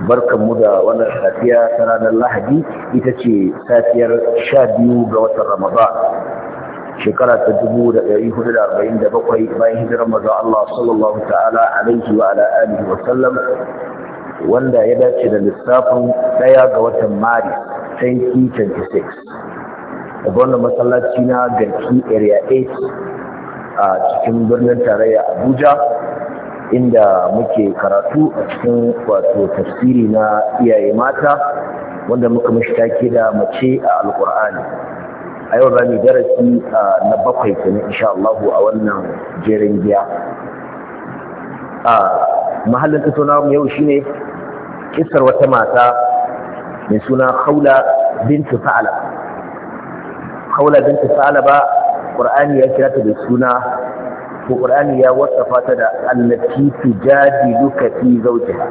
mu da wannan safiya ta ranar lahadi ita ce safiyar sha biyu ga watan ramadan shekara ta dubu da ɗari hudu da arba'in da bakwai bayan hijirar maza Allah sallallahu ta'ala alaihi wa ala alihi wa sallam wanda ya dace da lissafin ɗaya ga watan maris 2026 da wannan masallaci na garki area 8 a cikin birnin tarayya abuja inda muke karatu a cikin wato tafsiri na iyaye mata wanda muka mashi take da mace a alkur'ani a yau rami darasi na bakwai ne insha Allah a wannan jerin giya a mahallin mu yau shine kisar wata mata mai suna Khawla bintu Sa'laba Khawla bintu ba Qur'ani ya kira ta da suna to qur'ani ya wasafa ta da allati tujadiluka fi zawjiha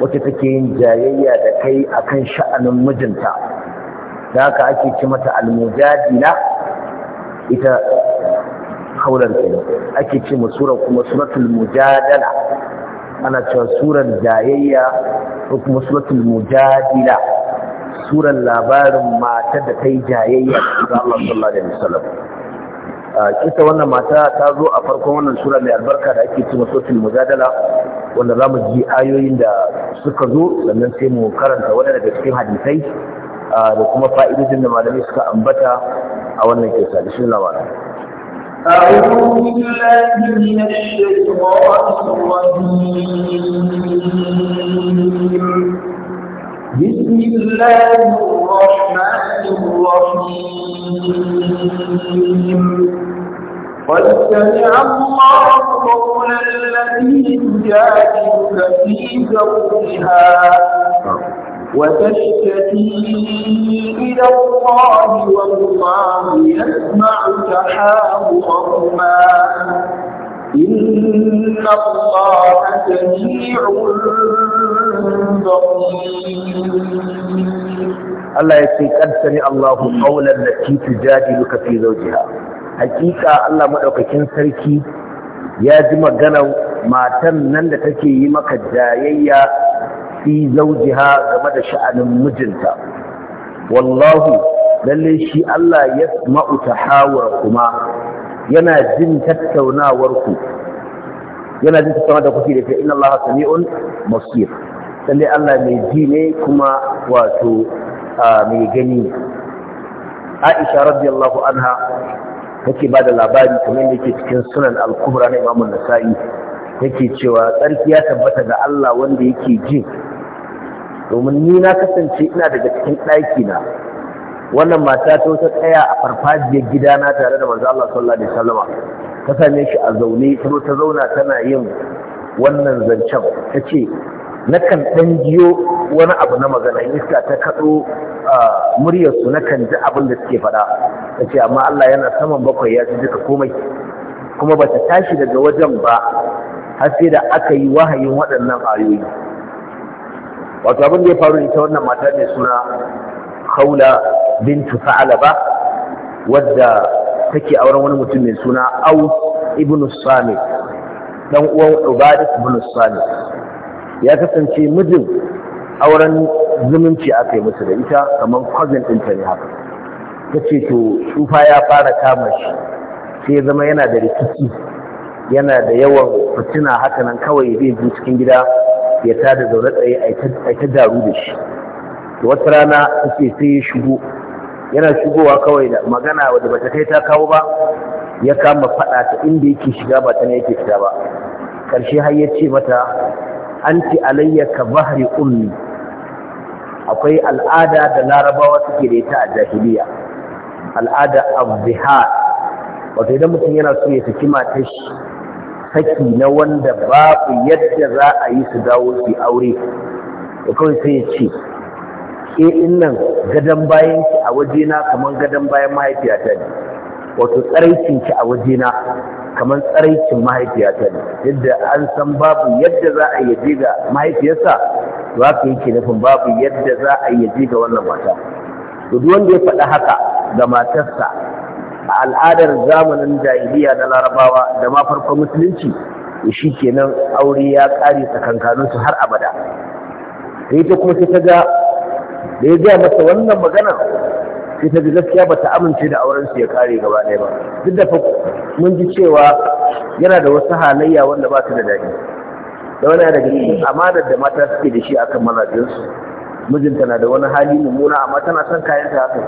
wacce take yin jayayya da kai akan sha'anin mijinta da haka ake ce mata almujadila ita haular kenan ake ce mu sura kuma suratul mujadala ana cewa suran jayayya ko kuma suratul mujadila suran labarin mata da ta yi jayayya da Allah sallallahu alaihi wasallam kisa wannan mata ta zo a farkon wannan sura mai albarka da ake cewa sotul mujadala wanda za mu ji ayoyin da suka zo sannan sai mu karanta wani daga cikin hadisai da kuma fa'idojin da malamai suka ambata a wannan kisa da shi lawa أعوذ بالله من الشيطان الرجيم بسم الله الرحمن الرحيم قد سمع الله قول الذي يجادلك في زوجها وتشتكي إلى الله والله يسمع تحاورهما إن الله سميع Allah ya ce kad sami Allahu qawlan lati tujadiluka fi zawjiha hakika Allah madaukakin sarki ya ji maganar matan nan da take yi maka jayayya fi zawjiha game da sha'anin mijinta wallahu lallai shi Allah ya ma'u tahawur kuma yana jin tattaunawar ku yana jin tattaunawa da kuke da ta inna Allah sami'un basir lalle Allah mai ji ne kuma wato mai gani Aisha radiyallahu anha take ba da labari kamar yake cikin sunan al-kubra na Imam nasai take cewa tsarki ya tabbata ga Allah wanda yake ji domin ni na kasance ina daga cikin ɗaki na wannan mata ta ta tsaya a farfajiyar gidana tare da manzo Allah sallallahu alaihi wasallama ta same shi a zaune kuma ta zauna tana yin wannan zancen ta ce na kan ɗan jiyo wani abu na magana iska ta kaɗo muryarsu kan ji abin da suke faɗa ta ce amma Allah yana saman bakwai ya ji duka komai kuma ba ta tashi daga wajen ba har sai da aka yi wahayin waɗannan ayoyi wato abin da ya faru ita wannan mata mai suna khawla bintu ba wadda take auren wani mutum mai suna aus ibn samit dan uwan ubadat ibn samit ya kasance mijin auren zumunci aka yi masa da ita kamar cousin ɗinta ne haka ta to shufa ya fara kama shi sai zama yana da rikici yana da yawan fitina haka nan kawai zai je cikin gida ya tada zaune tsaye a ta daru da shi da wata rana suke sai ya shigo yana shigowa kawai da magana wadda bata kai ta kawo ba ya kama faɗa ta inda yake shiga ba ta ne yake fita ba Karshe har ya ce mata anti alayya ka bahri ummi akwai al'ada da larabawa suke da ita a jahiliya al'ada abdihar wato idan mutum yana so ya saki matar shi saki na wanda babu yadda za a yi su dawo su aure da kawai sai ya ce ke eh, nan gadon bayan ki a wajena kamar gadon bayan mahaifiyata ne wato tsaraicin ki a wajena kamar tsaraicin mahaifiyata ne yadda an san babu yadda za a yaje ga mahaifiyarsa to haka yake nufin babu yadda za a yaje ga wannan mata to duk wanda ya faɗi haka ga matarsa a al'adar zamanin jahiliya na larabawa da ma farkon musulunci shi kenan aure ya ƙare tsakankaninsu har abada sai kuma sai ta ga da ya gaya masa wannan magana sai ta gaskiya ba ta amince da auren su ya kare gaba ɗaya ba duk da mun ji cewa yana da wasu halayya wanda ba su da daɗi da wani daga cikin amanar da mata suke da shi akan mazajensu mijinta na da wani hali mummuna amma tana son kayan ta haka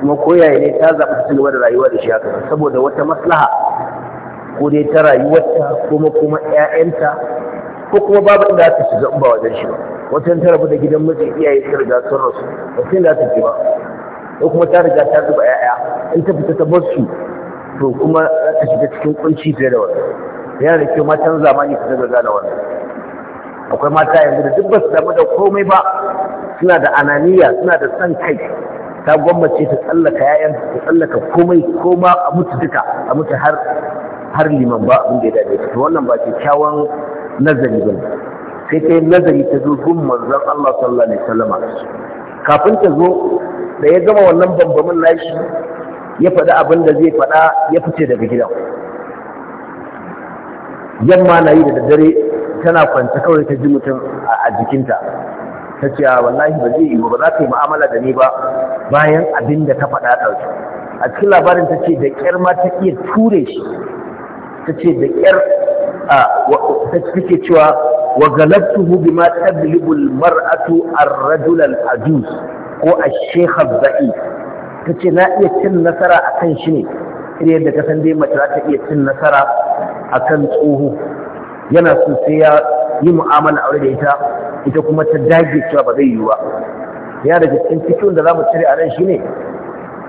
kuma koyaye ne ta zaɓi su gaba da rayuwa da shi haka saboda wata maslaha ko dai ta rayuwarta ko kuma 'ya'yanta ko kuma babu inda aka shiga in ba wajen shi ba wata ta rabu da gidan mijin iyaye ta riga sun rasu ba sai da ta ce ba ko kuma ta riga ta zuba 'ya'ya in ta fita ta bar su to kuma za ta shiga cikin kunci fiye da wannan yana da kyau matan zamani su daga gane wannan akwai mata yanzu da duk ba damu da komai ba suna da ananiya suna da san kai ta gwammace ta tsallaka yayan ta tsallaka komai ko ma a mutu duka a mutu har har liman ba abin da ya dace to wannan ba kyakkyawan nazari ba sai ta yi nazari ta zo gun manzon Allah sallallahu alaihi wasallam kafin ta zo da ya gama wannan bambamin nashi ya faɗi abin da zai faɗa ya fice daga gidan yamma na yi da daddare tana kwanta kawai ta ji mutum a jikinta ta ce wallahi ba zai yi ba za ta yi mu'amala da ni ba bayan abin da ta faɗa ɗauki a cikin labarin ta ce da ƙyar ma ta iya ture shi ta ce da ƙyar take cewa wa galabtuhu bima tablibul mar'atu ar-rajul al-ajuz ko ash-shaykh az-za'i tace na iya cin nasara akan shi ne irin yadda ka san dai mace za ta iya cin nasara akan tsoho yana so sai ya yi mu'amala aure da ita ita kuma ta dage cewa ba zai yi ba ya daga cikin cikin da za mu cire a nan shine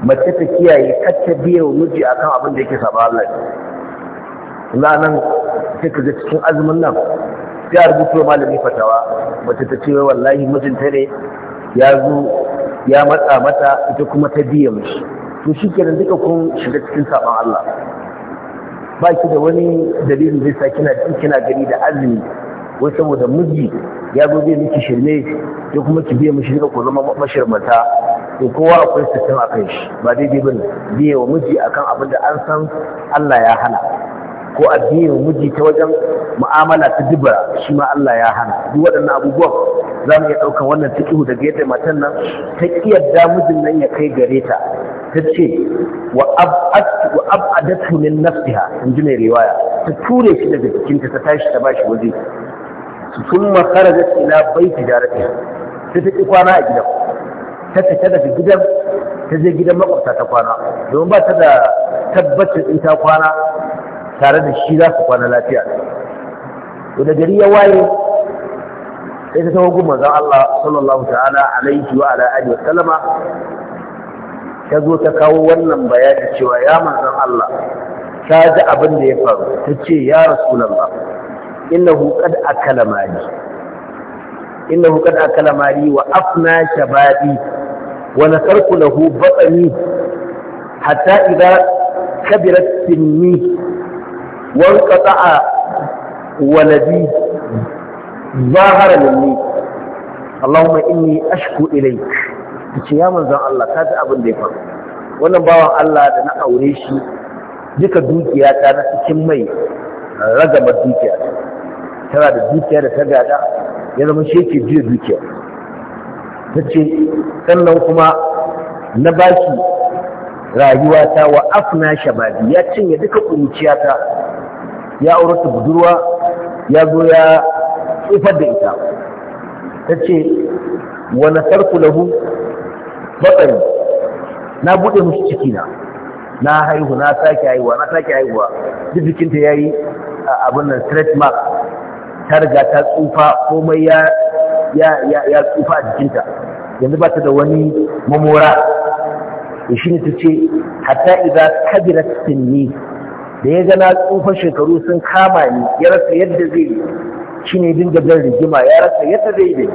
mace ta kiyaye kacce biya miji akan abin da yake saba Allah nan sai ka ga cikin azumin nan ya rubuta rubuto malami fatawa mace ta ce wallahi mijinta ne ya zo ya matsa mata ita kuma ta biya mishi to shi kenan duka kun shiga cikin sabon Allah ba ki da wani dalilin zai sa kina jin kina gari da azumi wai saboda miji ya zo zai miki shirme ya kuma ki biya mishi duka ku zama mashirmata to kowa akwai sistem a kan shi ba daidai bane biya wa miji akan abin da an san Allah ya hana ko addinin mu miji ta wajen mu'amala ta dubara shi ma Allah ya hana duk waɗannan abubuwan za mu iya ɗaukar wannan fiƙihu da yadda matan nan ta kiyarda mijin nan ya kai gare ta ta ce wa ab'adatu min nafsiha in ji mai riwaya ta ture shi daga jikinta ta tashi ta bashi waje summa kharajat ila baiti jaratiha ta tafi kwana a gidan ta fita daga gidan ta je gidan makwabta ta kwana domin ba ta da tabbacin in ta kwana tare da shi za su kwana lafiya to da gari ya waye sai ta tawo gun manzon Allah sallallahu ta'ala alaihi wa ala alihi wa sallama ta zo ta kawo wannan bayani cewa ya manzon Allah ta ji abin da ya faru ta ce ya rasulullah innahu qad akala mali innahu qad akala mali wa afna shababi wa nasarku lahu batni hatta idza kabirat sinni وانقطع ولدي ظاهر مني اللهم إني أشكو إليك ce ya manzan Allah ka abin da ya faru wannan bawan Allah da na aure shi duka dukiya ta na cikin mai ragama dukiya tana da dukiya da ta gada ya zama shi yake jiya dukiya ta ce sannan kuma na bashi, rayuwa ta wa afna shabadi ya cinye duka kuruciya ta ya aurata budurwa ya zo ya tsufar da ita ta ce wani sarku lahu batsari na buɗe masu cikina na haihu na sake haihuwa na sake haihuwa duk jikinta ya yi abin nan stretch mark ta riga ta tsufa komai ya tsufa a jikinta yanzu ba ta da wani mamora da shi ne ta ce hatta idan kabirar sinni da ya gana tsufan shekaru sun kama ni ya rasa yadda zai yi shi ne dinga jan rigima ya rasa yadda zai yi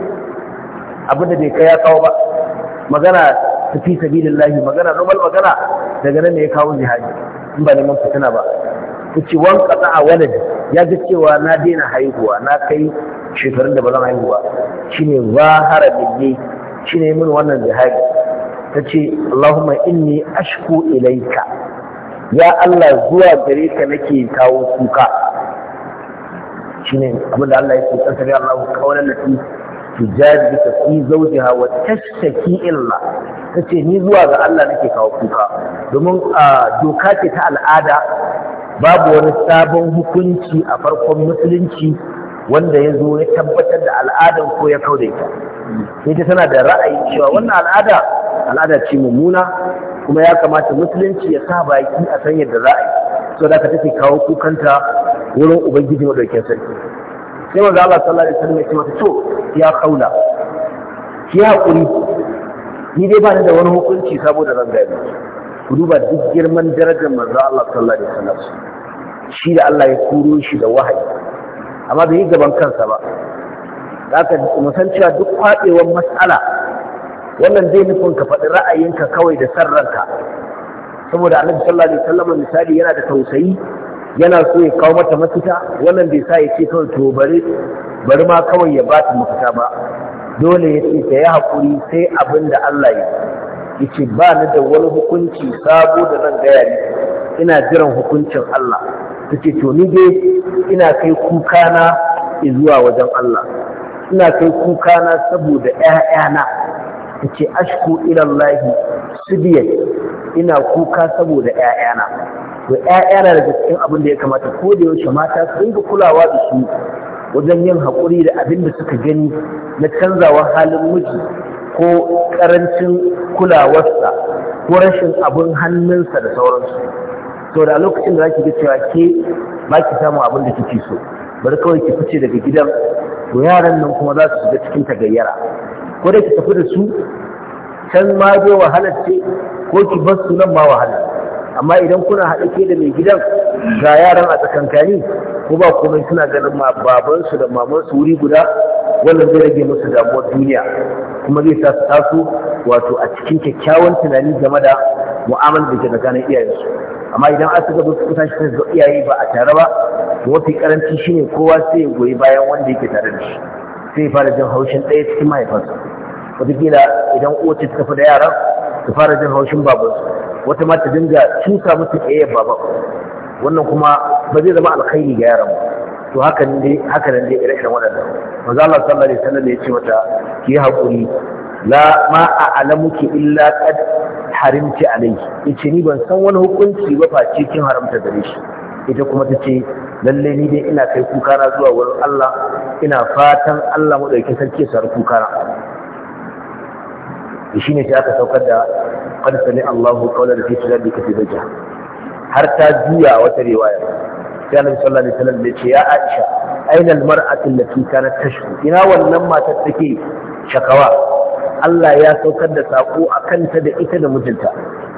abinda bai kai ya kawo ba magana ta fi sabilillahi magana normal magana daga nan ne ya kawo jihadi in ba neman fitina ba ku ci wan kasa a walad ya ga cewa na daina haihuwa na kai shekarun da ba zan haihuwa shine zahara Shi shine min wannan ta tace Allahumma inni ashku ilaika ya Allah zuwa gare ka nake kawo kuka shine abinda Allah ya ce tsakari Allah kawalan lati tujaji ka fi zawjiha wa tashtaki illa tace ni zuwa ga Allah nake kawo kuka domin doka ce ta al'ada babu wani sabon hukunci a farkon musulunci wanda ya zo ya tabbatar da al'adan ko ya kaudaita. ita sai ta tana da ra'ayi cewa wannan al'ada al'ada ce mummuna kuma ya kamata musulunci ya sa baki a san yadda za a yi so da ka take kawo kukanta wurin ubangiji madaukin sarki sai manzo Allah sallallahu alaihi wasallam ya ce mata to ya kaula ki hakuri ni dai ba ni da wani hukunci saboda ran gari. ku duba duk girman darajar manzo Allah sallallahu alaihi wasallam shi da Allah ya kuro shi da wahayi amma bai yi gaban kansa ba zaka musan cewa duk kwaɗewar matsala wannan zai nufin ka faɗi ra'ayinka kawai da san ranka saboda annabi sallallahu alaihi wasallam misali yana da tausayi yana so ya kawo mata mafita wannan bai sa ya ce kawai to bari bari ma kawai ya ba ta mafita ba dole ya ce ta yi haƙuri sai abin da Allah ya yi ce ba ni da wani hukunci sabo da zan gaya ni ina jiran hukuncin Allah ta ce to ni dai ina kai kuka na zuwa wajen Allah ina kai kuka na saboda 'ya'yana ce ashku ila Allah subiyat ina kuka saboda ƴaƴana to ƴaƴana daga cikin abin da ya kamata ko da yaushe mata su dinga kulawa da su wajen yin haƙuri da abin da suka gani na canzawa halin miji ko ƙarancin kulawarsa ko rashin abin hannunsa da sauransu to da lokacin da zaki ga cewa ke ba ki samu abin da kike so bari kawai ki fice daga gidan to yaran nan kuma za su shiga cikin tagayyara ko dai ki tafi da su can ma dai wahalar ce ko ki bar su nan ma wahala amma idan kuna haɗa ke da mai gidan ga yaran a tsakankani ko ba komai suna ganin ma babansu da mamansu wuri guda wannan zai rage musu damuwar duniya kuma zai sa su taso wato a cikin kyakkyawan tunani game da mu'amala da ke tsakanin iyayensu amma idan an suka zo su tashi ga iyaye ba a tare ba mafi karanci shine kowa sai ya goyi bayan wanda yake tare da shi sai fara jin haushin ɗaya cikin mahaifansa wataƙila idan uwace ta tafi da yara su fara jin haushin babansu wata ma ta dinga cuta musu ɗaya baban wannan kuma ba zai zama alkhairi ga yaran to haka ne haka ne ire-iren waɗannan manzo Allah sallallahu alaihi wasallam ya ce mata ki haƙuri la ma a'lamuki illa qad harimti alayhi yace ni ban san wani hukunci ba face kin haramta gare shi ita kuma ta ce lalle ni dai ina kai kukana zuwa wurin Allah ina fatan Allah mu madaukakin sarki ya kukana shi ne sai aka saukar da qad sami Allahu qawla da fi sadika fi wajha har ta juya wata riwaya sai Annabi sallallahu alaihi wasallam ya ce ya Aisha aina almar'atu allati kanat tashku ina wannan matar take shakawa Allah ya saukar da sako akan ta da ita da mijinta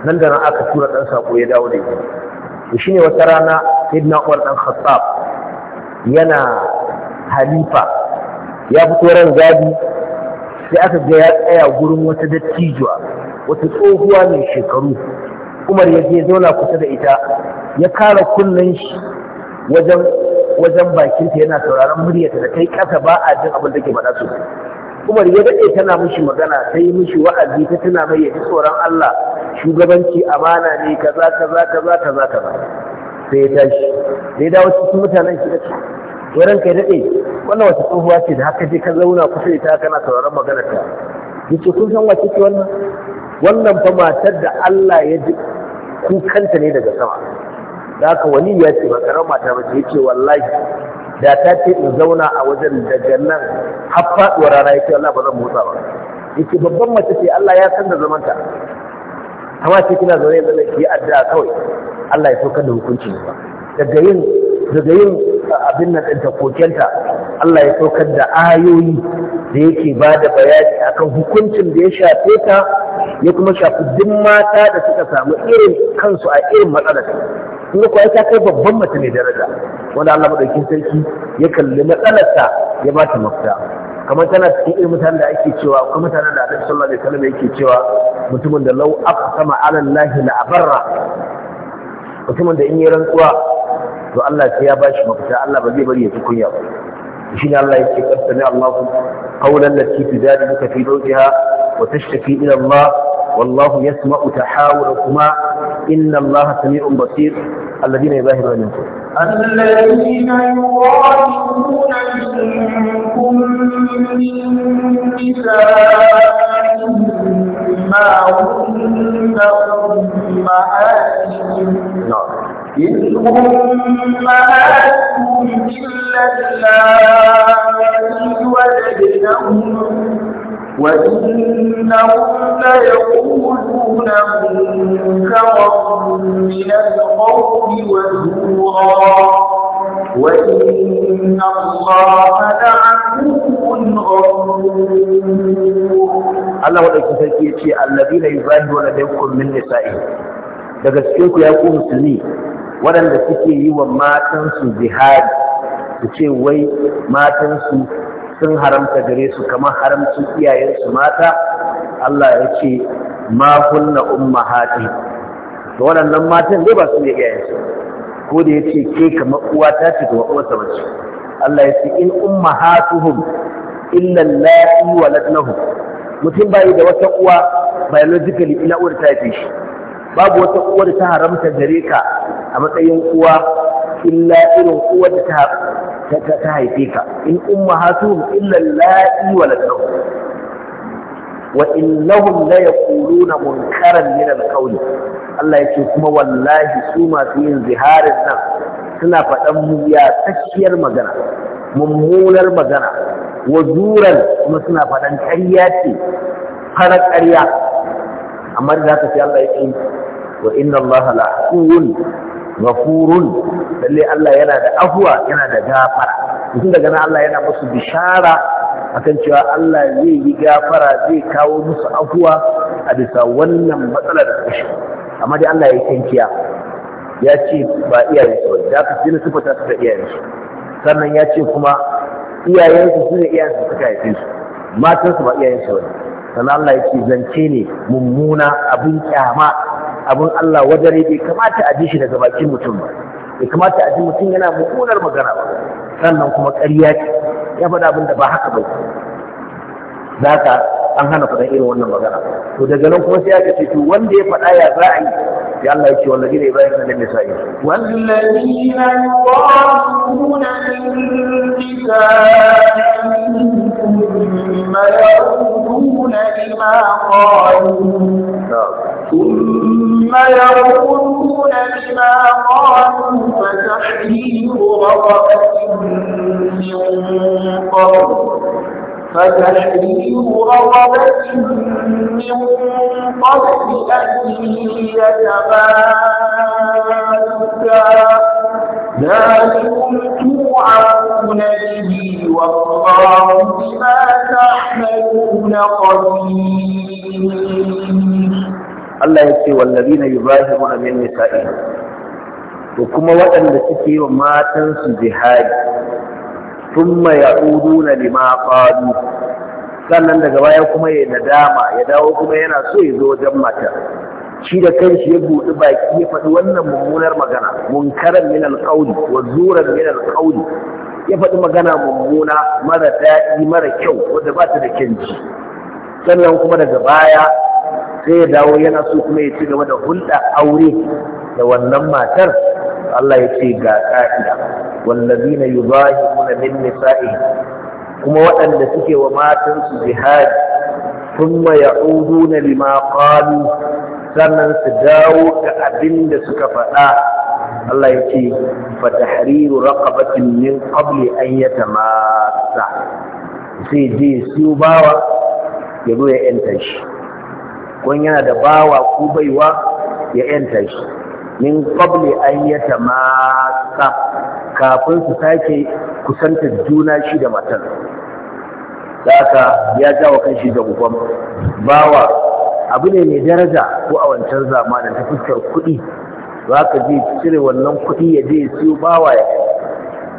nan da nan aka tura dan sako ya dawo da ita to ne wata rana sayyidina Umar dan Khattab yana halifa ya fito ran gadi sai aka ga ya tsaya gurin wata dattijuwa wata tsohuwa mai shekaru Umar ya je zauna kusa da ita ya kara kunnen shi wajen wajen bakinta yana sauraron muryarta da kai kasa ba a jin abin da ke faɗa su. Umar ya daɗe tana mishi magana sai yi mishi wa'azi ta tana mai yaji tsoron Allah shugabanci amana ne kaza kaza kaza kaza kaza sai ya tashi sai dawo cikin mutanen shi kace wurin kai dade wannan wata tsohuwa ce da haka je ka zauna kusa da ita kana sauraron magana ta yace kun san wace ce wannan wannan fa matar da Allah ya ji kukanta ne daga sama da haka wani ya ce ba karar mata ba ce yace wallahi da ta ce in zauna a wajen daga nan har faduwar rana yace Allah ba zan motsa ba yace babban mace ce Allah ya san da zamanta kama ce kina zaune yanzu zai yi addu'a kawai Allah ya saukar da hukunci ba daga yin daga yin abin nan ɗin kokenta Allah ya saukar da ayoyi da yake ba da bayani akan hukuncin da ya shafe ta ya kuma shafi duk mata da suka samu irin kansu a irin matsalar kuma kuwa ta kai babban mace ne daraja wanda Allah madaukin sarki ya kalli matsalarta ya ba ta mafita kamar tana cikin mutanen da ake cewa akwai mutanen da Annabi sallallahu alaihi wasallam yake cewa mutumin da law aqsama ala Allah la abarra mutumin da in yi rantsuwa to Allah sai ya bashi mafita Allah ba zai bari ya ci kunya ba Allah yake kasani Allah qawlan lati tujadiluka fi zawjiha wa tashtaki ila Allah والله يسمع تحاوركما إن الله سميع بصير الذين يباهرون منكم الذين يقاتلون منكم من نسائهم ما هم هن أمهاتهم إن أمهاتهم إلا اللائي ولدنهم وإنهم ليقولون منكرا من القول وزورا وإن الله لعفو غفور Allah waɗauki sarki ya ce allabi na yuzahi wa ladaikum min nisa'i daga cikin ku ya ku musulmi waɗanda suke yi wa matansu jihadi su ce wai matansu sun haramta gare su kamar haramcin iyayensu mata Allah ya ce ma kunna ummahati to waɗannan matan dai ba su ne iyayensu ko da yace ke kamar uwa ta ce ga uwarsa bace Allah ya ce in ummahatuhum illa wa waladnahum mutum bai da wata uwa biologically ina uwar ta haife shi babu wata uwar ta haramta gare ka a matsayin uwa illa irin uwar ta ta haife ka in ummahatuhum illa allati waladahum wa innahum la yaquluna munkaran min alqawli Allah yake kuma wallahi su masu yin ziharin nan suna faɗan muyatacciyar magana mummunar magana wa zuran kuma suna faɗan ƙarya ce fara ƙarya amma da za ka ce Allah yake wa inna Allah la'un gafurun lalle Allah yana da afuwa yana da gafara mutum daga nan Allah yana musu bishara akan cewa Allah zai yi gafara zai kawo musu afuwa a bisa wannan matsalar da kashi amma dai Allah ya yi ya ce ba iyayensu ba da aka jini sifata su da su, sannan ya ce kuma iyayensu su ne iyayensu suka haife su matansu ba iyayensu ba sannan Allah ya ce zance ne mummuna abin kyama abin Allah wadare bai kamata a ji shi daga bakin mutum ba bai kamata a ji mutum yana mummunar magana ba sannan kuma ƙarya ce ya faɗa abin da ba haka ba za ka an hana faɗan irin wannan magana to daga nan kuma sai aka ce to wanda ya faɗa ya za a yi Ya Allah ya ce wallahi da Ibrahim da Nisa'i wallazina yuqatuna in ثم ثم يقولون بما قالوا فتحرير رقبة من قبل فتحرير رقبة من قبل أن يتماسا ذلكم توعدون به والله بما تعملون قدير Allah ya ce wallazi na yubahiru a min nisa'i to kuma waɗanda suke yi wa matansu jihadi thumma ya'uduna lima qalu sannan daga baya kuma ya nadama ya dawo kuma yana so ya zo wajen matar shi da kanshi ya buɗi baki ya faɗi wannan mummunar magana munkaran min alqawli wa zuran min alqawli ya faɗi magana mummuna mara daɗi mara kyau wadda ba ta da kyanci sannan kuma daga baya sai ya dawo yana so kuma ya ci gaba da hulɗa aure da wannan matar Allah ya ce ga ka'ida wallazina yuzahiruna min nisa'ihim kuma waɗanda suke wa matansu jihadi thumma ya'uduna lima qalu sannan su dawo ga abin da suka faɗa Allah ya ce fa tahriru raqabatin min qabli an yatamassa sai je su bawa ya zo ya yanta shi wani yana da bawa ko baiwa ya yanta shi min qabli an yatamassa kafin su sake kusanta juna shi da matar daga ya jawo shi da gugon bawa abu ne mai daraja ko a wancan zamani ta fuskar kuɗi za ka je cire wannan kuɗi ya je siyo bawa ya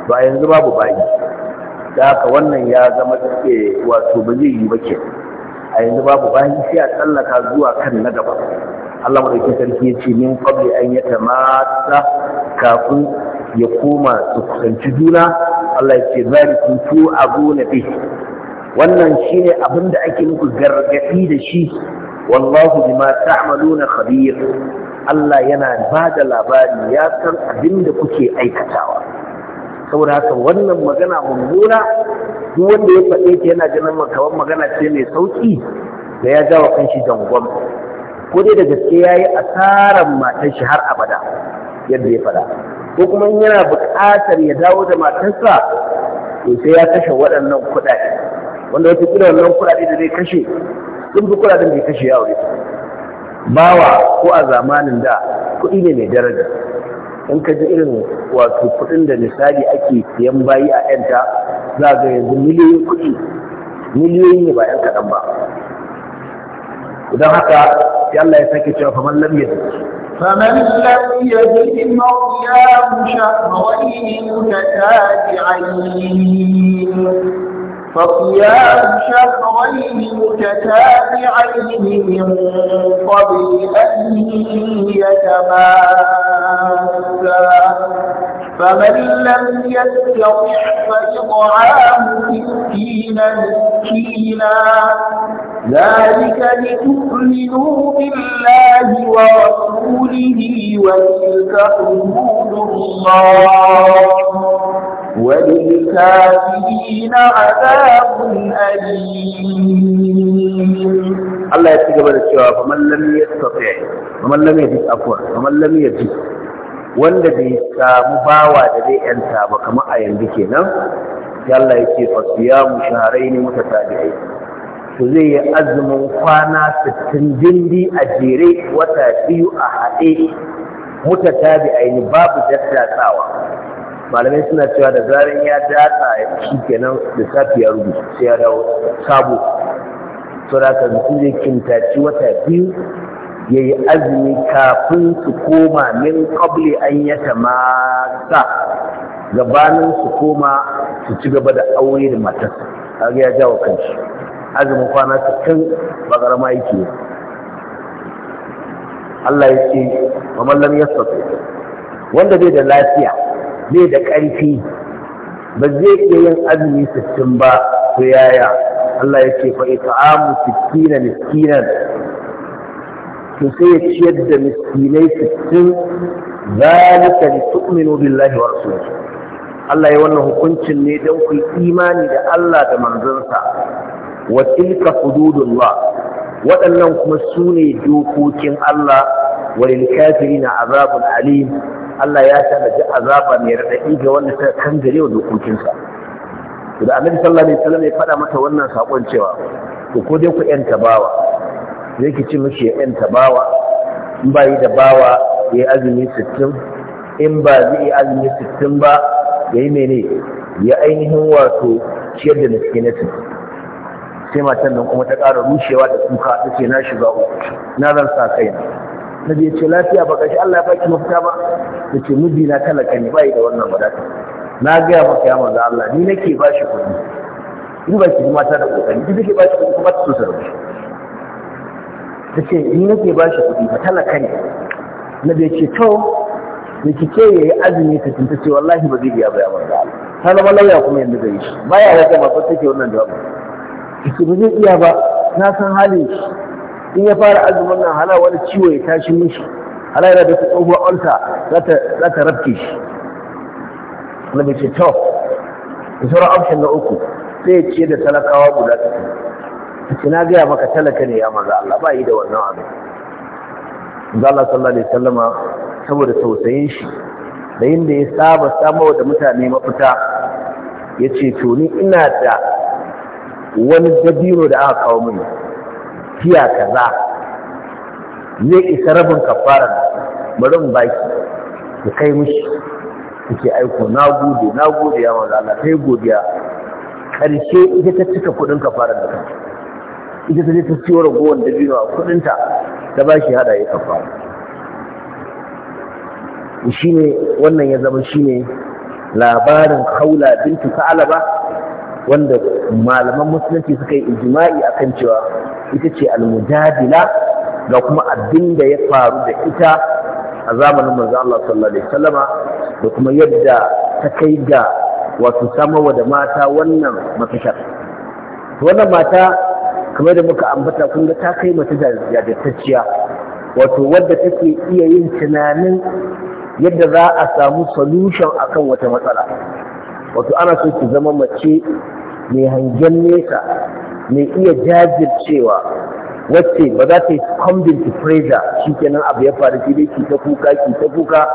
ba yanzu babu bayi da wannan ya zama eh, wato ba zai yi ba kenan a yanzu babu bayan sai a tsallaka zuwa kan na gaba Allah madauki sarki ya ce min qabli an yatamata kafin ya koma su kusanci juna Allah ya ce zalikum tu abuna bi wannan shine abin da ake muku gargadi da shi wallahu bima ta'maluna khabir Allah yana ba da labari ya san abin da kuke aikatawa saboda haka wannan magana mummuna duk wanda ya faɗe ta yana ganin makawan magana ce mai sauƙi da ya jawo shi jangon ko dai da gaske ya yi asarar matan shi har abada yadda ya faɗa ko kuma yana buƙatar ya dawo da matansa to sai ya kashe waɗannan kuɗaɗe wanda wata kuɗa wannan kuɗaɗe da zai kashe sun fi kuɗaɗen da kashe ya aure bawa ko a zamanin da kuɗi ne mai daraja in ka ji irin wato kuɗin da misali ake siyan bayi a yanta za ga yanzu miliyoyin kuɗi miliyoyi ne ba 'yan kaɗan ba idan haka sai Allah ya sake cewa faman lam yajid faman lam yajid mawdiya shahwayn mutatabi'ain فصيام شهرين متتابعين من قبل أن يتماسا فمن لم يستطع فإطعام ستين مسكينا ذلك لتؤمنوا بالله ورسوله وتلك حدود الله وللكافرين عذاب أليم الله يتقبل الشواء فمن لم يستطيع فمن لم يجد أفوى فمن لم يجد wanda bai samu bawa da zai yanta ba kamar a yanzu kenan yalla ya ce fasiya mu shaharai ne muka tabi'ai to zai yi azumin kwana sittin dindi a jere wata biyu a haɗe muka tabi'ai ni babu daddatsawa malamai suna cewa da zarin ya data shi kenan lissafi ya rubu sai ya dawo sabo to da ka zuci zai kintaci wata biyu ya yi azumi kafin su koma min kabli an ya tamasa gabanin su koma su ci gaba da aure da matarsa kaga ya jawo kanshi azumin kwana sittin ba karama yake Allah ya ce Mamallam ya wanda bai da lafiya bai da ƙarfi ba zai iya yin azumi sittin ba su yaya Allah ya ce fa it'amu sittina miskinan to sai ya ciyar da miskinai sittin zalika li tu'minu billahi wa rasulihi Allah ya wannan hukuncin ne don ku imani da Allah da manzonsa wa tilka hududullah waɗannan kuma sune dokokin Allah wa lil kafirina azabun alim Allah ya ji azaba mai raɗaɗi ga wanda ta kangare wa dokokinsa to da annabi sallallahu alaihi wasallam ya faɗa mata wannan sakon cewa ku ko dai ku yanta bawa zai ki ci miki yanta bawa in ba yi da bawa ya yi azumi sittin, in ba zai yi azumi sittin ba ya yi mene ya ainihin wato ciyar da miskinatin sai matan nan kuma ta ƙara rushewa da kuka ta ce na shiga uku na zan sa kaina na ya ce lafiya ba kashi Allah ya faki mafita ba da ce miji na talaka ne bai da wannan wadata na gaya ba ya manzo Allah ni nake ba shi kuɗi in ba ki mata da kokari ki nake ba shi kuɗi kuma ta so ta rubuta ta ce ni nake ba shi kuɗi ba talaka ne na ya ce to da ki ce yayi azumi ta tunta ce wallahi ba zai biya ba ya manzo Allah ta zama lauya kuma yanzu yi shi baya ya gama ba ke wannan jawabi ki ce ba zai iya ba na san halin shi in ya fara azumin nan hala wani ciwo ya tashi mishi hala yana da tsohuwa onta za ta rafke shi wanda bai ce to da sauran option na uku sai ya ce da talakawa guda ta ce na gaya maka talaka ne ya maza Allah ba yi da wannan abin Manzo Allah sallallahu alaihi sallama saboda tausayin shi da yadda ya saba samu da mutane mafita ya ce to ni ina da wani dabino da aka kawo mini tiya kaza zai isa rabin kafara bari mu baki ki kai mishi kike aiko na gode na gode ya manzo Allah kai godiya karshe ita ta cika kudin kafara da kanta ita ta je ta ciwo ragowar biyu a kudinta ta ta bashi hada ya kafara ne wannan ya zama shi ne labarin haula bintu sa'alaba wanda malaman musulunci suka yi a kan cewa ita ce almujadila ga kuma abin da ya faru da ita a zamanin manzo Allah sallallahu alaihi da kuma yadda ta kai ga wato samawa da mata wannan mafishar wannan mata kamar da muka ambata kun ga ta kai mata jajirtacciya wato wadda take iya yin tunanin yadda za a samu solution akan wata matsala wato ana so ki zama mace mai hangen nesa mai iya jajircewa wacce ba za ta yi kwambin tufreza shi kenan abu ya faru shi dai ki kuka ki kuka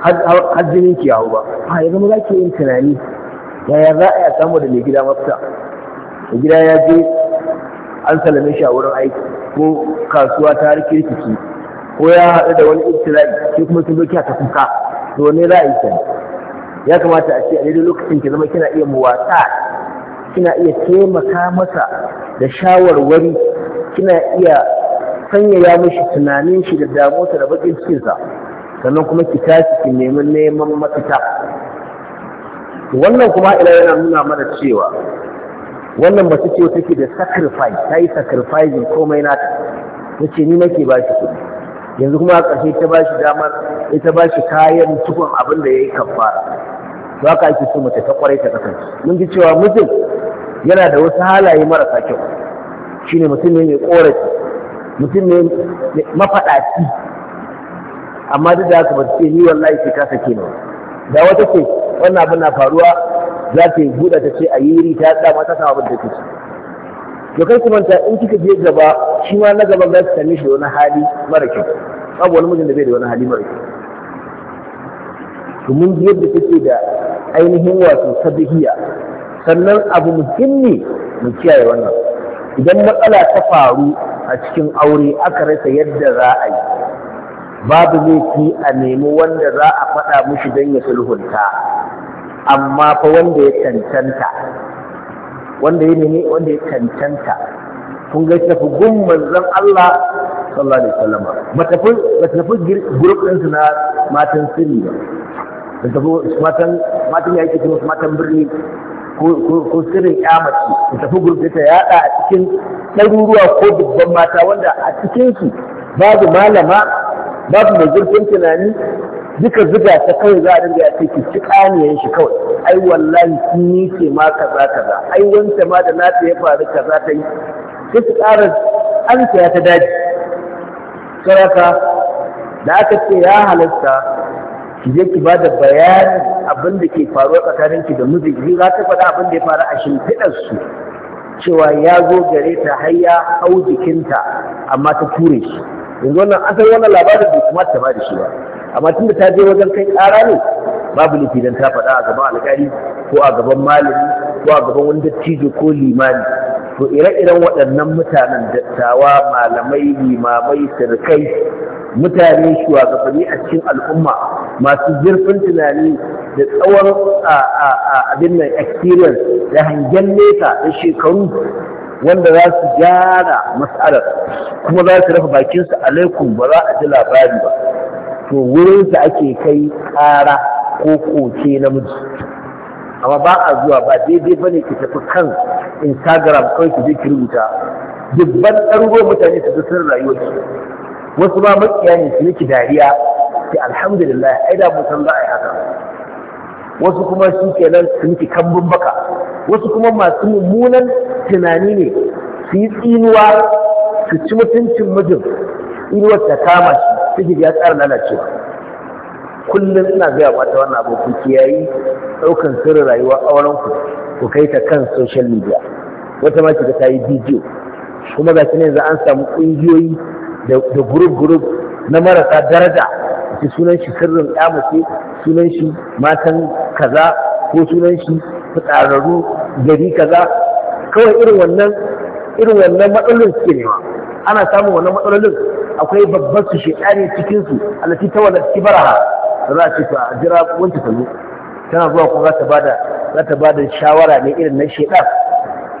har jinin ki yawo ba a ya zama za ki yin tunani yaya za a a samu da mai gida mafita mai gida ya je an salame shi a wurin aiki ko kasuwa ta har kirkiki ko ya haɗu da wani ibtila'i sai kuma sun doki ta kuka to ne za a yi ya kamata a ce a daidai lokacin ki zama kina iya muwasa kina iya taimaka masa da shawarwari kina iya sanyaya mishi tunanin shi da damuwarsa da bakin cikinsa sannan kuma ki tashi ki nemi neman mafita wannan kuma ila yana nuna mana cewa wannan ba su ce take da sacrifice ta yi sacrificing komai nata ce ni nake ba shi kuɗi yanzu kuma a ƙarshe ta ba shi damar ita ba shi kayan tukun abin da ya yi kafara za ka ake so mace ta kwarai ta kasance mun ji cewa mijin yana da wasu halaye marasa kyau ne mutum ne mai korafi mutum ne mafaɗaci amma duk da haka ba ce ni wallahi ke ka ke nan da wata ce wannan abin na faruwa za ta yi buɗa ta ce a yi iri ta dama ta samu abin da ci. to kai kuma ta in kika je gaba shi ma na gaba za su same shi da wani hali mara kyau babu wani mijin da bai da wani hali mara kyau to mun ji yadda take da ainihin wato sabihiya sannan abu muhimmi mu kiyaye wannan idan matsala ta faru a cikin aure aka rasa yadda za a yi babu laifi a nemi wanda za a faɗa mushi don ya sulhunta amma fa wanda ya cancanta wanda ya nemi wanda ya cancanta kun ga tafi gun manzon Allah sallallahu alaihi wasallam ba tafi ba tafi group din na matan sirri ba tafi matan matan ya yake kuma matan birni ko sirrin kyamaci ta tafi gurbi ta yada a cikin ɗaruruwa ko dubban mata wanda a cikinsu babu malama babu mai zurfin tunani duka zuga ta kawai za a dinga ya ce ci kaniyan shi kawai ai wallahi sun yi ce ma kaza kaza ai wanda ma da nata ya faru kaza ta yi sai su ƙara an ta daji saraka da aka ce ya halatta ki je ki bada bayanin abin da ke faruwa tsakanin ki da mijinki za ta faɗa abin da ya faru a shimfiɗar su cewa ya zo gare ta har ya hau jikinta amma ta ture shi yanzu wannan an san wannan labarin bai kuma ta ba da shi ba amma tunda ta je wajen kai ƙara ne babu nufi dan ta faɗa a gaban alƙali ko a gaban malami ko a gaban wani dattijo ko limani to ire-iren waɗannan mutanen dattawa malamai limamai sirkai mutane shugabanni a cikin al'umma masu girfin tunani da tsawon abin nan experience da hangen nesa da shekaru wanda za su gyara mas'alar kuma za su rufe bakinsu alaikum ba za a ji labari ba to wurinsa ake kai ƙara ko koke namiji amma ba a zuwa ba daidai ba ne ki tafi kan instagram kawai su je ki rubuta dubban ɗaruruwan mutane su sun rayuwar su wasu ma makiya ne su miki dariya ki alhamdulillah ai da mu san za a yi haka wasu kuma shi kenan su miki kambun baka wasu kuma masu mummunan tunani ne su yi tsinuwa su ci mutuncin mijin tsinuwar ta kama shi su ya tsara lalacewa kullum ina gaya mata wannan abokin kiyayi ɗaukan sirrin rayuwa auren ku ku kai ta kan social media wata ma kika ta yi bidiyo kuma ga ne yanzu an samu ƙungiyoyi da group group na marasa daraja ki sunan shi sirrin mace sunan shi matan kaza ko sunan shi fitsararru gari kaza kawai irin wannan irin wannan matsalolin suke nema ana samun wannan matsalolin akwai babban su shekari cikin su alati ta wala kibaraha za a ce ta jira wancan ta tana zuwa ko za ta bada za ta bada shawara ne irin na sheda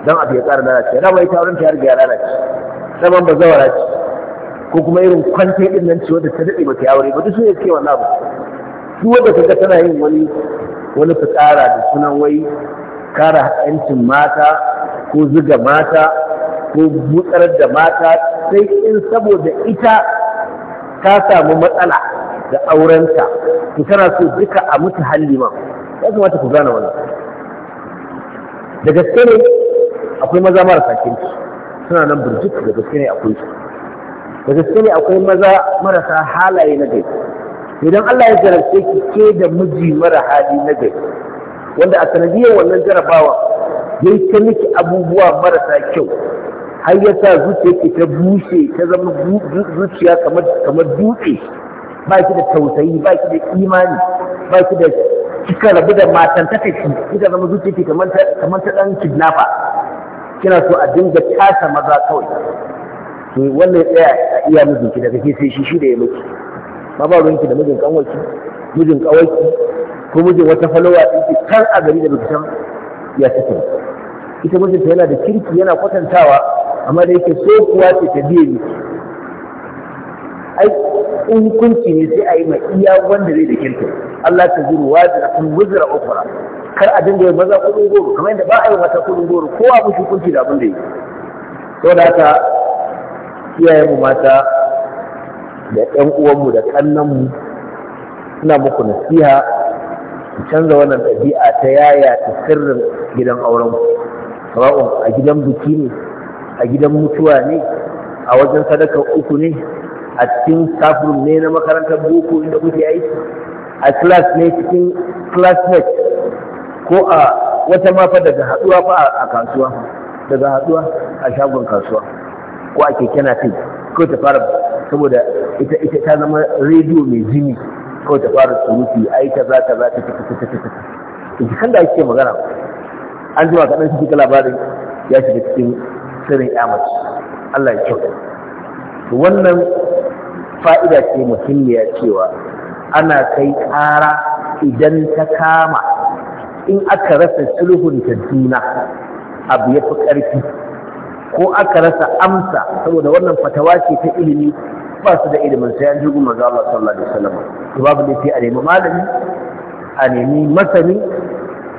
dan abu ya tsara lalace rama ita wurin ta ya riga ya lalace saman ba zawara ce ko kuma irin kwanta din nan ce wadda ta daɗe ba ta aure ba duk su ne wannan abu su wadda ta ga tana yin wani wani fitsara da sunan wai kara 'yancin mata ko zuga mata ko mutsar da mata sai in saboda ita ta samu matsala da aurenta to tana so duka a mutu halliman ya kamata ku gane wannan da gaske ne akwai maza marasa kirki suna nan burjik da gaske ne akwai su da gaske ne akwai maza marasa halaye na gai. idan Allah ya jarabce ki ke da miji mara hali na gai, wanda a sanadiyar wannan jarabawa ya yi ta miki abubuwa marasa kyau har ya sa zuciya ki ta bushe ta zama zuciya kamar dutse ba ki da tausayi ba ki da imani ba ki da kika rabu da matan ta kake kika zama zuciyarki kamar ta kamar ta dan kidnapper kina so a dinga tasa maza kawai to wannan tsaya a iya mijinki daga ke sai shi shi da ya miki Ba ba ruwanki da mijin kanwarki mijin kawarki ko mijin wata falowa ɗinki kan a gari da bikin ya take ita mijinta yana da kirki yana kwatantawa amma da yake so kuwa ce ta biye miki ai in kunci ne sai a yi mai iya wanda zai da kirki Allah ta zuru a kun wuzura ukura kar a dinga yin maza kudin goro kamar yadda ba a yi mata kudin goro kowa mushi kunci da abin da yi to da haka mu mata da ƴan uwanmu da kannanmu suna muku nasiha ku canza wannan ɗabi'a ta yaya ta sirrin gidan auren ku a gidan biki ne a gidan mutuwa ne a wajen sadaka uku ne a cikin staff ne na makarantar boko inda kuke aiki a class ne cikin classmate ko a wata mafa daga haduwa fa a kasuwa daga haduwa a shagon kasuwa ko a keke na napin ko ta fara saboda ita ita ta zama rediyo mai jini ko ta fara surutu ai kaza kaza ta ta ta ta ta ta ta kan da ake magana an zuwa kaɗan cikin labarin ya shiga cikin sirrin yamaci Allah ya kyauta wannan fa'ida ce muhimmiya cewa ana kai ƙara idan ta kama in aka rasa sulhunta juna abu ya fi ƙarfi ko aka rasa amsa saboda wannan fatawa ce ta ilimi ba su da ilimin sai an jirgin maza Allah sallallahu alaihi wasallam to babu da sai a nemi malami a nemi masani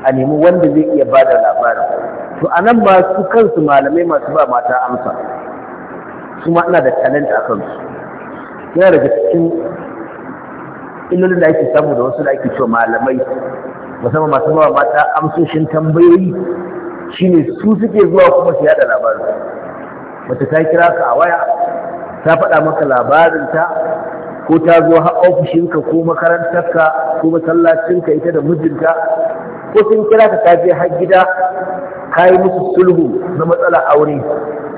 a nemi wanda zai iya bada labarin to anan ma su kansu malamai masu ba mata amsa su ma ina da talent a kansu yana daga cikin illolin da ake samu da wasu da ake cewa malamai musamman masu bawa mata amsoshin tambayoyi shine su suke zuwa kuma su yada labarin mace ta kira ka a waya ta faɗa maka labarinta ko ta zo har ofishinka ko makarantarka ko masallacinka ita da mijinta ko sun kira ka ta je har gida ka yi musu sulhu na matsalar aure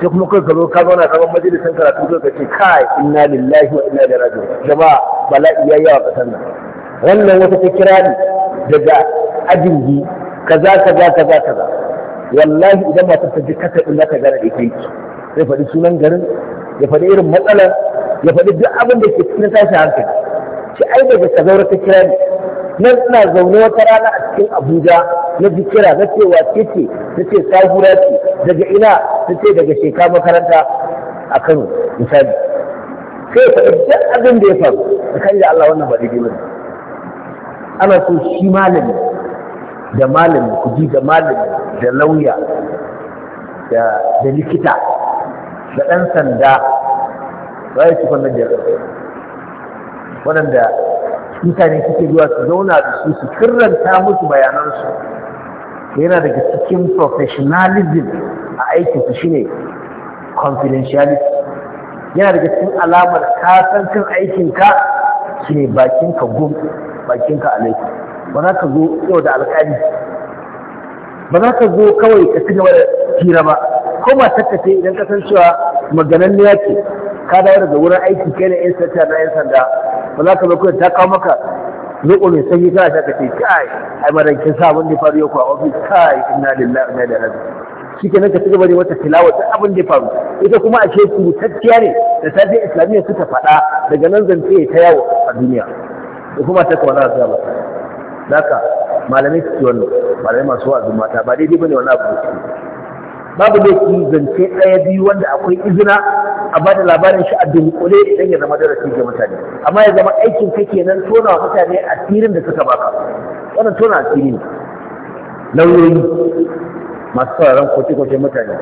sai kuma kai ka zo ka zauna kaman majalisin karatu ka ce kai inna lillahi wa inna ilaihi raji'un jama'a bala'i yayi yawa kasar nan wannan wata ta kira ni daga ajingi kaza kaza kaza kaza wallahi idan ba ta ji kasa in ka gara da kai sai faɗi sunan garin ya faɗi irin matsalar ya faɗi duk abin da ke cikin tashi hankali sai ai daga kazaura ta kira ni nan suna zaune wata rana a cikin abuja na jikira kira na ce wace ce na ce sahura ce daga ina na ce daga sheka makaranta a kano misali sai faɗi duk abin da ya faru da kan da allah wannan ba daidai ba ana so shi malami da malami kuji da malami da lauya da likita da ɗan sanda ba ya ci kwanan da waɗanda mutane suke zuwa su zauna da su su kiranta musu bayanansu yana daga cikin professionalism a aikinsu shine confidentiality yana daga cikin alamar kasan kan aikinka shine bakinka gum bakinka alaiku. ba za ka zo yau da alƙali ba za ka zo kawai ka ci da tira ba ko ba tattace idan ka san cewa maganan ne yake ka dawo daga wurin aiki kai na yan sata na yan sanda ba za ka zo kawai ta kawo maka zuƙo mai sanyi kana ta ka ce kai ai madan kin sa abin da faru yau kuwa ofis kai inna lillahi inna ilaihi raji'un shi ke ka cigaba da wata tilawa ta abin da faru ita kuma a ce rutacciya ne da safe islamiyya suka faɗa daga nan zance ta yawo a duniya da kuma ta kawana zuwa ba haka malamai su ci wannan malamai masu wa'azin mata ba daidai ba ne wani abu da su babu laifi zance ɗaya biyu wanda akwai izina a ba da labarin shi a dunkule idan ya zama darasi ga mutane amma ya zama aikin ka kenan tona mutane asirin da suka baka wannan tona asiri ne lauyoyi masu sauraron kwace-kwace mutane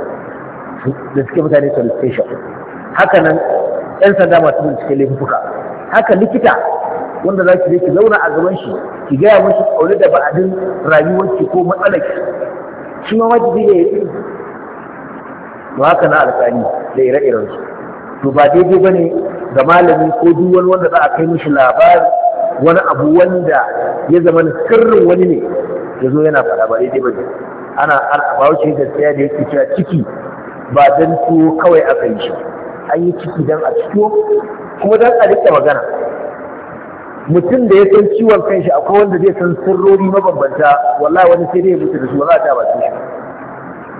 da suke mutane solicitation haka nan 'yan sanda masu bincike laifuka haka likita wanda za ki je ki zauna a gaban shi ki gaya mashi kaule da ba'adin rayuwarki ko matsalarki shi ma wajibi ne to haka na alƙali da ire-iren su to ba daidai ba ne ga malami ko duwan wanda za a kai mishi labari wani abu wanda ya zama sirrin wani ne ya zo yana faɗa ba daidai ba ne ana alƙawace gaskiya da yake cewa ciki ba don tuwo kawai aka yi shi an yi ciki don a tuwo kuma don a riƙe magana mutum da ya san ciwon kanshi akwai wanda zai san sirrori mabambanta wallahi wani sai dai mutu da su wani a ta ba su shi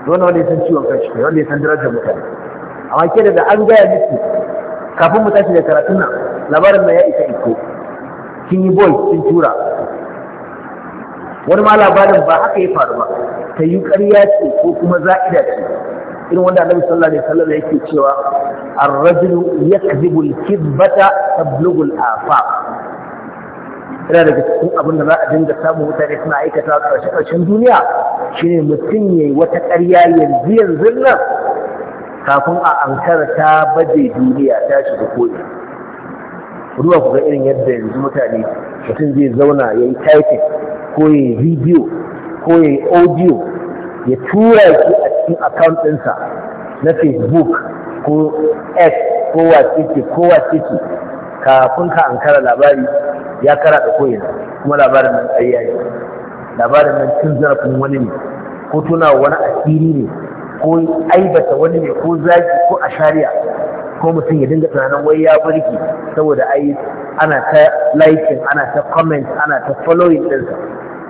dole wanda ya san ciwon kanshi ne wanda ya san darajar mutane amma ke da an gaya miki kafin mu tashi da karatun nan labarin nan ya isa iko kin yi boy kin tura wani ma labarin ba haka ya faru ba ta yi ƙarya ce ko kuma za'ida ce irin wanda annabi sallallahu alaihi wasallam yake cewa ar-rajulu yakdhibu al-kidbata tablughu al-afaq yana daga cikin abin da za a dinga samun mutane suna aikata a ƙarshen duniya shine mutum ya yi wata ƙarya yanzu yanzu nan kafin a ankara ta baje duniya ta shiga ko'ina ruwa ku ga irin yadda yanzu mutane mutum zai zauna ya yi typing ko ya yi video ko ya yi audio ya tura shi a cikin account ɗinsa na facebook ko x ko wasiki ko wasiki kafin ka ankara labari ya kara da koyina kuma labarin nan ƙarya ne labarin nan cin zarafin wani ne ko tuna wani asiri ne ko aibata wani ne ko zaki ko ashariya ko mutum ya dinga tunanin wai ya burki saboda ai ana ta liking ana ta comment ana ta following ɗinsa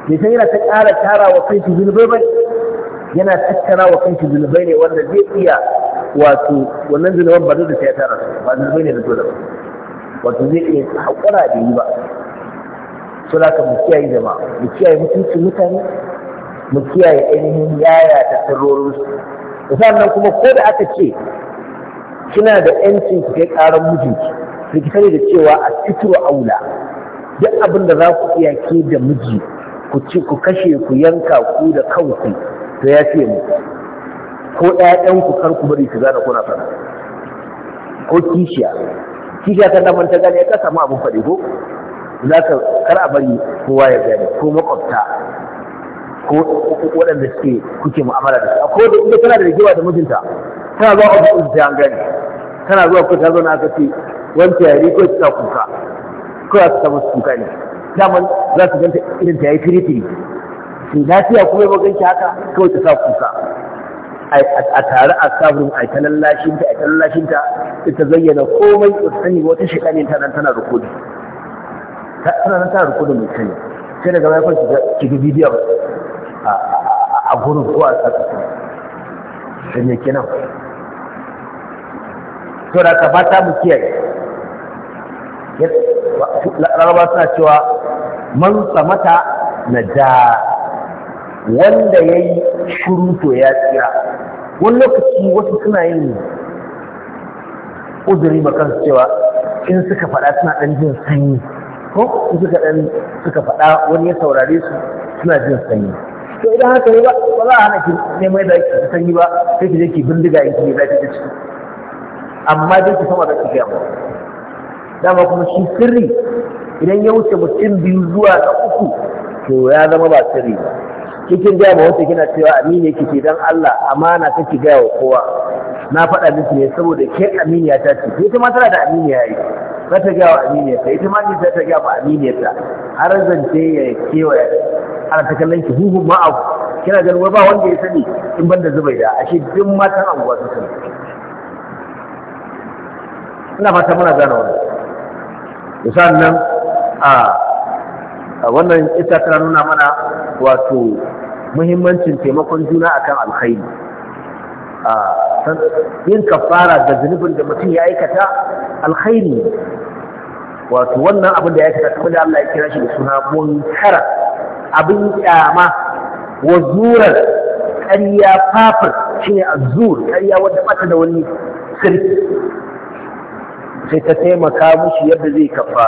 bai san yana ta ƙara tara wa kanshi zunubai ba yana tattara wa kanshi zunubai ne wanda zai iya wato wannan zunuban ba dole sai ya tara ba zunubai ne da dole ba wato zai iya haƙura da yi ba so da ka mu kiyaye jama'a mu kiyaye mutuncin mutane mu kiyaye ainihin yaya ta tarorin su sannan kuma ko da aka ce kina da yanci ki kai karan mijinki ki sani da cewa a fitro aula duk abin da za ku iya ke da miji ku ci ku kashe ku yanka ku da kanku to ya ce mu ko ku kar ku bari su gane kuna fara ko kishiya kishiya ta daman ta gane ta ma abin faɗi ko za ka kar a bari kowa ya gani ko makwabta ko waɗanda suke kuke mu'amala da su ko da inda tana da rigewa da mijinta tana zuwa ofis ɗin ta gani tana zuwa ko ta zo na kace wanda wani yare ko ta kuka ko ta su samu kuka ne daman za su ganta irin ta yayi firi-firi sai lafiya kuma ya ganki haka kawai ta sa kuka a tare a sabrin a ta lallashinta a ta ita zayyana komai ta sani wata shekaru tana tana rukuni tana nan ta rukunin mai kai sai daga bayan kwanci ki bidiyon a gurin ko a tsakasa da me kenan to da ka ta mu kiyaye laraba suna cewa man tsamata na da wanda ya yi shuru to ya tsira wani lokaci wasu suna yin uzuri ba kansu cewa in suka faɗa suna ɗan jin sanyi ko suka dan suka faɗa wani ya saurare su suna jin sanyi to idan haka ne ba ba za a hana ki neman da ki sanyi ba sai ki je ki bindiga in ki ne zaki ciki amma dai ki sama da ki ga dama kuma shi sirri idan ya wuce mutum biyu zuwa na uku to ya zama ba sirri ba kikin gaya ma wata kina cewa amini kike dan Allah amana kake gaya wa kowa na faɗa miki ne saboda ke aminiya ta ce ita ma tana da aminiya yi ba ta gaya wa aminiya ta ita ma ni za ta gaya wa aminiya ta har zance ya kewaye ana ta kallon ki huhun ma abu kina ganin wai ba wanda ya sani in ban da zubai da ashe duk matan anguwa su sani ina fata muna gane wannan da sannan a wannan ita tana nuna mana wato muhimmancin taimakon juna akan alkhairi yin kafara da zunubin da mutum ya aikata alkhairi wato wannan abin da ya aikata kuma da Allah ya kira shi da suna munkara abin kyama wa zurar ƙarya fafir shine azur ƙarya wadda ɓata da wani sirri sai ta taimaka mushi yadda zai kafa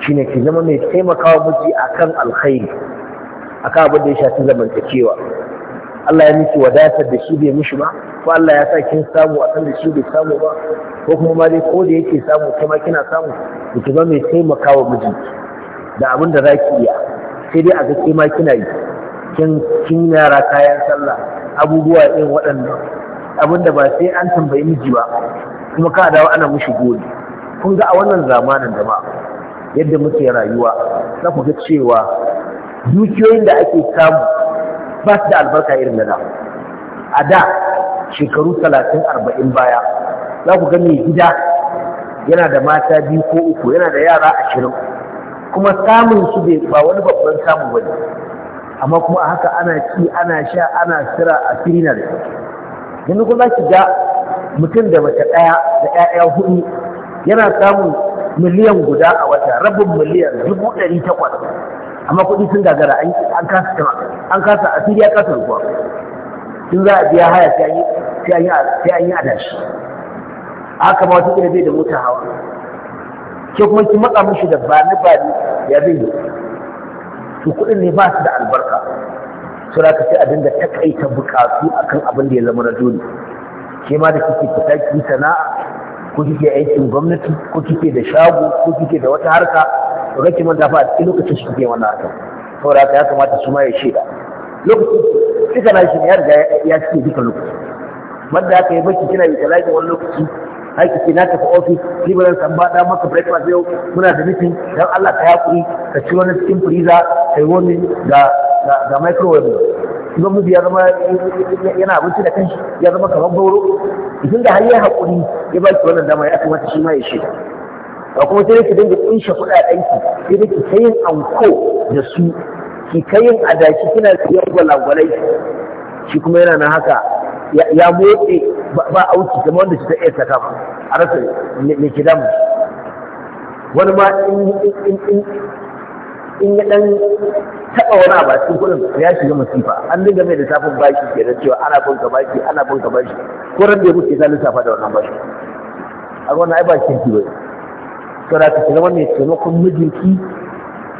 shine ki zama mai taimakawa miji akan alkhairi akan abin da ya shafi zamantakewa Allah ya miki wadatar da shi bai mishi ba ko Allah ya sa kin samu a san da shi bai samu ba ko kuma ma dai ko da yake samu kai ma kina samu ki ba mai taimakawa mijinki da abin da zaki iya sai dai a ga kai ma kina yi kin kin yara kayan sallah abubuwa irin waɗannan abin da ba sai an tambayi miji ba kuma ka dawo ana mishi gori kun ga a wannan zamanin da ma yadda muke rayuwa za ku ga cewa dukiyoyin da ake samu ba su da albarka irin da a da shekaru talatin arba'in baya za ku gani gida yana da mata biyu ko uku yana da yara ashirin kuma samun su bai ba wani babban samun wani, amma kuma a haka ana ci ana sha ana sira a firinar yanzu kuma ki ga mutum da mace ɗaya da ƴaƴa hudu yana samun miliyan guda a wata rabin miliyan dubu ɗari takwas amma kuɗi sun gagara an kasa tama an kasa asiri ya kasa rukuwa sun za a biya haya sai an yi adashi haka ma wata bai da mota hawa ke kuma ki matsa mashi da ba ni ba ni ya zai yi to kuɗin ne ba su da albarka sura ka sai abin da takaita bukatu akan abin da ya zama na dole ke ma da kike fita ki sana'a ko kike aikin gwamnati ko kike da shago ko kike da wata harka to kake manta fa a cikin lokacin shi ke wannan haka saboda haka ya kamata su ma ya da lokacin kika na shi ya riga ya cike duka lokaci wanda aka yi baki kina yi talaki wani lokaci har ki na tafi ofis ni ba zan san ba dan maka breakfast yau muna da meeting dan Allah ka yakuri ka ci wani cikin freezer kai wani ga ga microwave kuma mu ya zama yana abinci da kanshi ya zama kamar bauro idan da har ya hakuri ya baki wannan dama ya kamata shi ma ya shi da. ba kuma sai ki dinga kunshe kuɗaɗen ki sai ki kai yin anko da su ki kai yin adashi kina siyan gwalagwalai shi kuma yana na haka ya motsi ba auki kamar wanda shi ta iya saka a rasa me ki damu wani ma in ya dan taba wani abu cikin kudin ya shiga masifa an dinga mai lissafin baki ke da cewa ana bunka baki ana bunka baki ko ran da ya mutu ya lissafa da wannan baki a wannan ai ba kirki bai saboda ka zama mai taimakon mijinki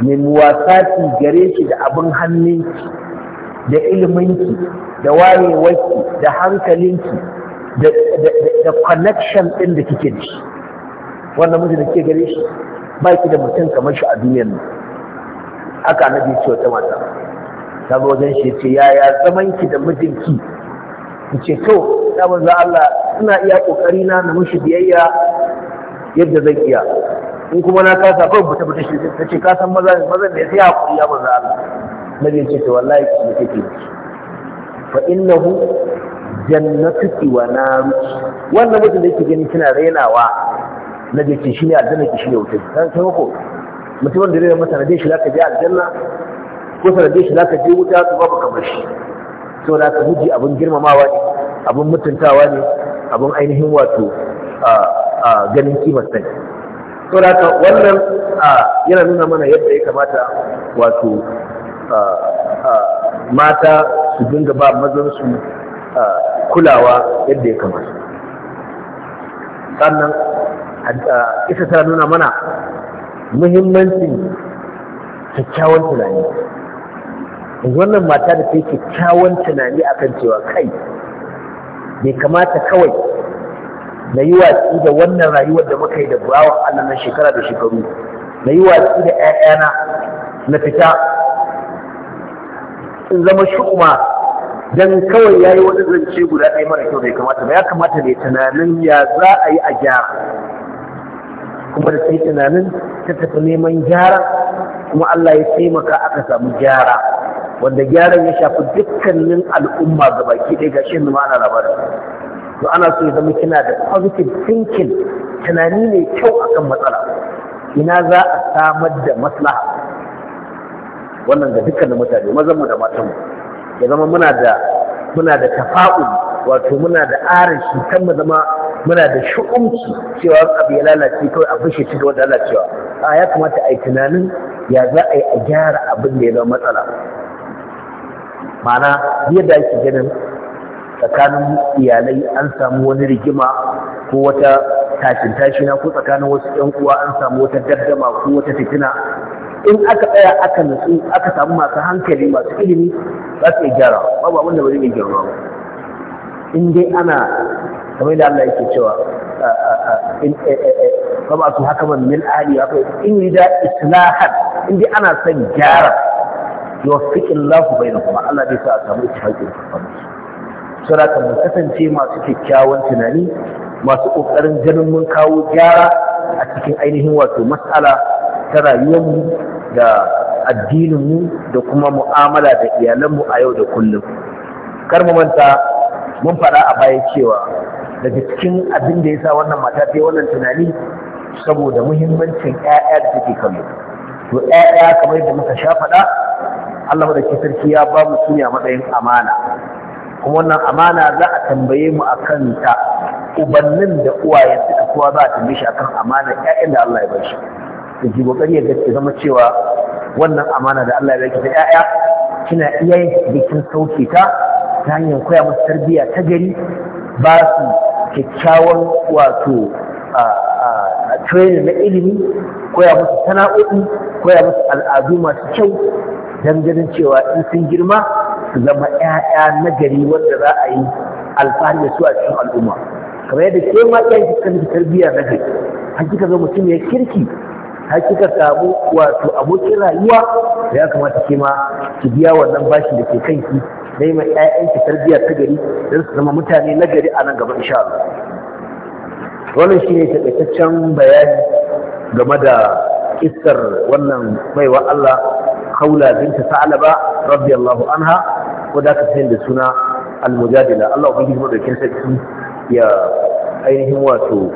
mai muwasati gare shi da abin hannunki da iliminki da wayewarki da hankalinki da connection ɗin da kike da shi wannan mijin da kike gare shi ba ki da mutum kamar shi a duniyar nan haka na bi wata wata mata ta zo wajen shi ce yaya zaman ki da mijinki ki ce to sabon manzo Allah ina iya kokari na na mishi biyayya yadda zan iya in kuma na kasa kawai buta buta shi ta ce kasan maza maza ne sai kuri ya maza Allah na ya ce to wallahi ki ne kake fa innahu jannatuki wa naruki wannan mutum da yake gani kina rainawa nabi ce ne aljanna ki ne wuta dan sai ko mutumin da rena masa nabi shi zaka je aljanna ko sanade shi zaka je wuta to babu kamar shi to da ka guji abin girmamawa ne abin mutuntawa ne abin ainihin wato a ah, ah, ganin kimar sani saboda wannan wannan yana nuna mana yadda ya kamata wato mata su dinga ba mazansu kulawa yadda ya kamata sannan isa tana nuna mana muhimmancin kyakkyawan tunani yanzu wannan mata da ta yi kyakkyawan tunani akan cewa kai bai kamata kawai na yi watsi da wannan rayuwar da muka yi da bawan Allah na shekara da shekaru na yi watsi da ‘ya'yana na fita in zama shu'uma don kawai ya yi wani zance guda ɗaya mara kyau da ya kamata ba ya kamata ne tunanin ya za a yi a gyara kuma da sai tunanin ta tafi neman gyara kuma Allah ya taimaka aka samu gyara wanda gyaran ya shafi dukkanin al'umma baki ɗaya ga shi ana labarin to ana so ya zama kina da positive thinking tunani mai kyau akan matsala ina za a samar da maslaha wannan ga dukkanin mutane mazan mu da matan mu ya zama muna da muna da tafa'u wato muna da arashi kan mu zama muna da shu'umci cewa abu ya lalace kawai a bushe ci gaba da lalacewa a ya kamata a yi tunanin ya za a yi a gyara abin da ya zama matsala ma'ana yadda ake ganin tsakanin iyalai an samu wani rigima ko wata tashin tashina ko tsakanin wasu ƴan uwa an samu wata daddama ko wata fitina in aka tsaya aka nutsu aka samu masu hankali masu ilimi za su iya gyara babu abin da ba zai iya gyara ba in dai ana kamar da Allah yake cewa ba eh, eh, eh, ba su haka man min ahli haka in yi da islahan in dai ana son gyara yawfiqillahu bainahuma Allah zai sa a samu ittifaqin tsakaninsu saboda mu kasance masu kyakkyawan tunani masu ƙoƙarin ganin mun kawo gyara a cikin ainihin wato matsala ta rayuwarmu da addininmu da kuma mu'amala da iyalanmu a yau da kullum kar mu manta mun faɗa a baya cewa daga cikin abin da ya sa wannan mata ta yi wannan tunani saboda muhimmancin 'ya'ya da take kallo to 'ya'ya kamar yadda muka sha faɗa Allah da sarki ya ba mu suya matsayin amana kuma wannan amana za a tambaye mu a kanta ubannin da uwayen suka kowa za a tambaye shi akan amana ƴaƴan da Allah ya bar shi da ji kokari ya zama cewa wannan amana da Allah ya baki ƴaƴa kina iya yin bikin sauke ta ta hanyar koya musu tarbiyya ta gari ba su kyakkyawan wato training na ilimi koya musu sana'o'i koya musu al'adu masu kyau don ganin cewa in sun girma su zama ƴaƴa na gari wanda za a yi alfahari da su a cikin al'umma kamar yadda ke ma ɗaya kika miki tarbiyya na gari har zo mutum ya kirki har samu wato abokin rayuwa da ya kamata ke ma ki biya wannan bashi da ke kanki na yi ma ki tarbiyya ta gari don su zama mutane na gari a nan gaba insha Allah wannan shine taƙaitaccen bayani game da kissar wannan baiwa Allah khawla binta sa'laba radiyallahu anha ko da ka da suna al-mujadila Allah ubangiji mu da kin sarki ya ainihin wato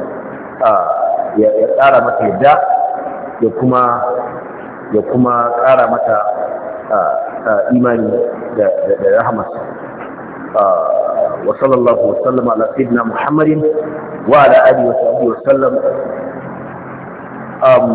ya tsara mata yadda ya kuma ya kuma ƙara mata imani da rahmas wa sallallahu wa sallama ala sayyidina muhammadin wa ala alihi wa sahbihi wa sallam um,